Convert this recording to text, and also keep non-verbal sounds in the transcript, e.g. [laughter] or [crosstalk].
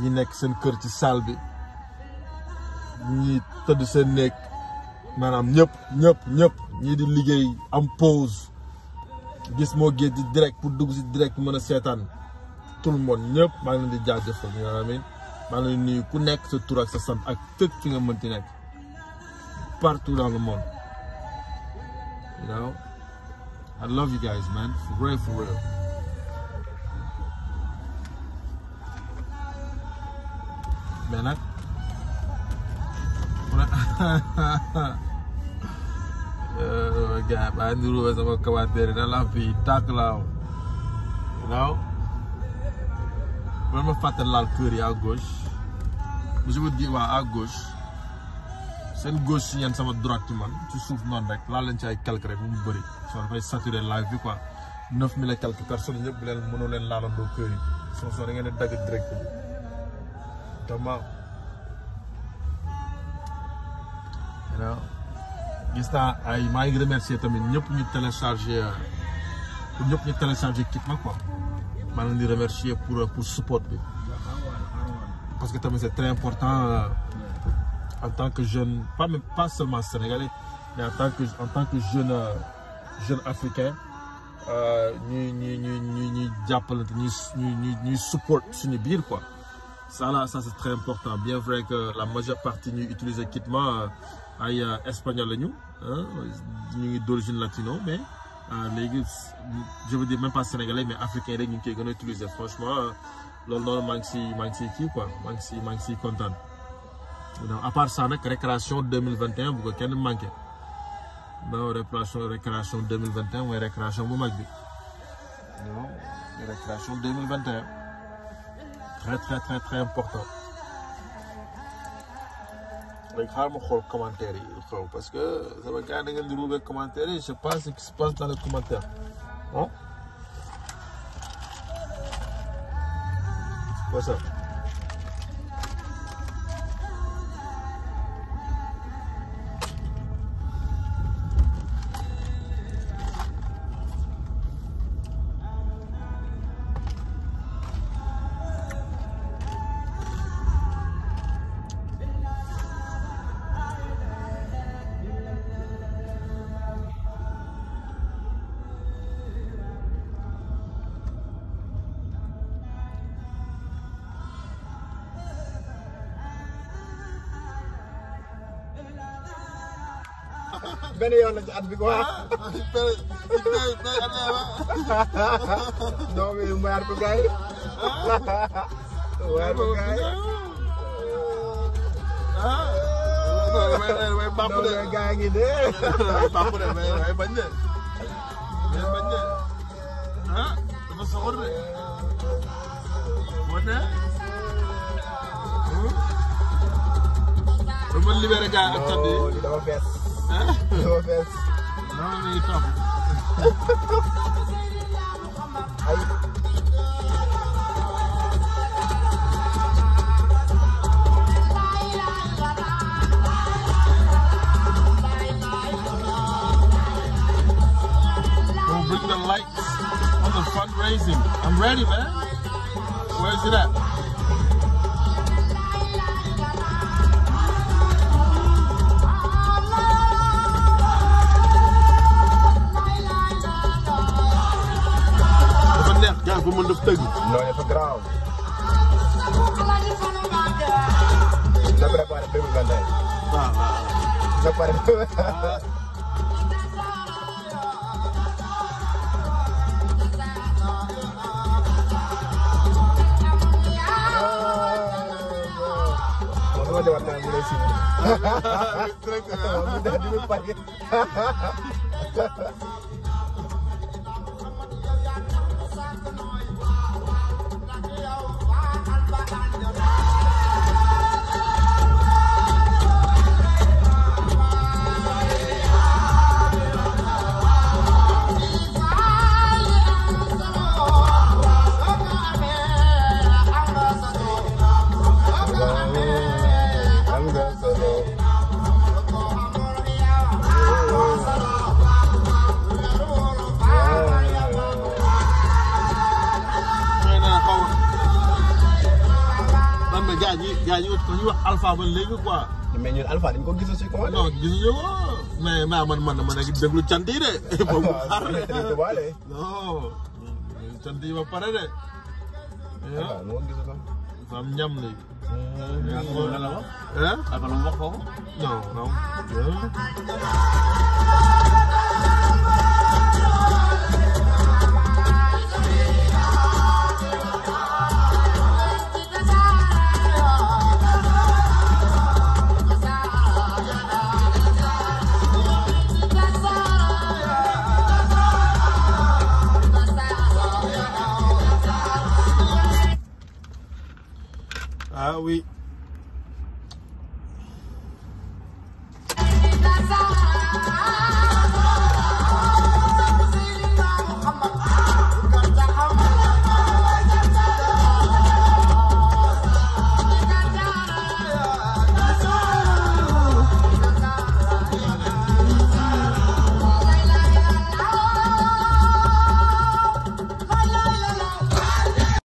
ñi nekk seen kër ci salle bi ñi tëdd seen néeg maanaam ñëpp ñëpp ñëpp ñii di liggéey am pause gis moo géej di direct pour dugg si direct mën a seetaan tout le monde ñëpp maa ngi leen di jaajëfal ñu amin maa nii ku nekk sa tur ak sa sant ak tëj fi nga mënti nekk partout dans le monde you know love you guys man for real for mais nag mu ne gars baa ndiru ba sama commentaire na lamp yi tàkk laaw naaw man ma fàttal laal kër yi à gauche monsieur Wodji waa à gauche seen gauche si ñeen sama droite man ci suuf noonu rek laal leen ci ay quelque rek bu mu bëri soo dafay saturé live bi quoi neuf mille et quelques yëpp leen mënoo leen laalandoo kër yi soo soo da ngeen di dagg exactement gis naa ay maa ngi remercier tamit ñëpp ñu téléchargé ñu téléchargé kit quoi maa ngi remercier pour pour support parce que tamit c'est très important euh, en tant que jeune pas même pas seulement sénégalais mais en tant que en tant que jeune euh, jeune africain ñuy euh, ñuy ñuy ñuy ñuy jàppalante ñuy ñuy ñuy support suñu biir quoi. Ça, là, ça c'est très important. Bien vrai que la majeure partie nous utilisent l'équipement euh, ay euh, espagnol nous hein, d'origine latino mais euh, les je veux dire même pas sénégalais mais africains qui ñu franchement loolu manque si ngi si quoi manque donc à part ça la récréation 2021 bu ko manqué non récréation récréation 2021 ou récréation bu manquez. non récréation 2021 très très très très important léegi xaaral ma commentaire il faut parce que ça me da ngeen di ruubee commentaire je pense ce qui se passe dans les commentaires bon. Hein? What's ça. benn yoon la ci at bi quoi. non ah, mais mbaar ko gaay. Ah. mbaar ko gaay. way ah. bàpp de way gaa ngi de. way bàpp de way bañ de. way bañ de. ah dafa soxor de. moo ne. Hmm? dama libéré gaa ak kat yi. Robert. Normally Bring the lights on the fundraising. I'm ready, man. Where's it at? tëgg ñoo ne fa graaw na préparé deux mille vingt et un waaw na pare Cuma dewan tangan gue Hahaha. Hahaha. Hahaha. te ñuy wax alpha ba léegi quoi. mais ñun alpha dañ ko gis si man man ma nekk déglu cant yi de. moom [laughs] ba pare de. waaw eh? nu ñam léegi. ñam moom la foofu. non non. Eh? Ah oui.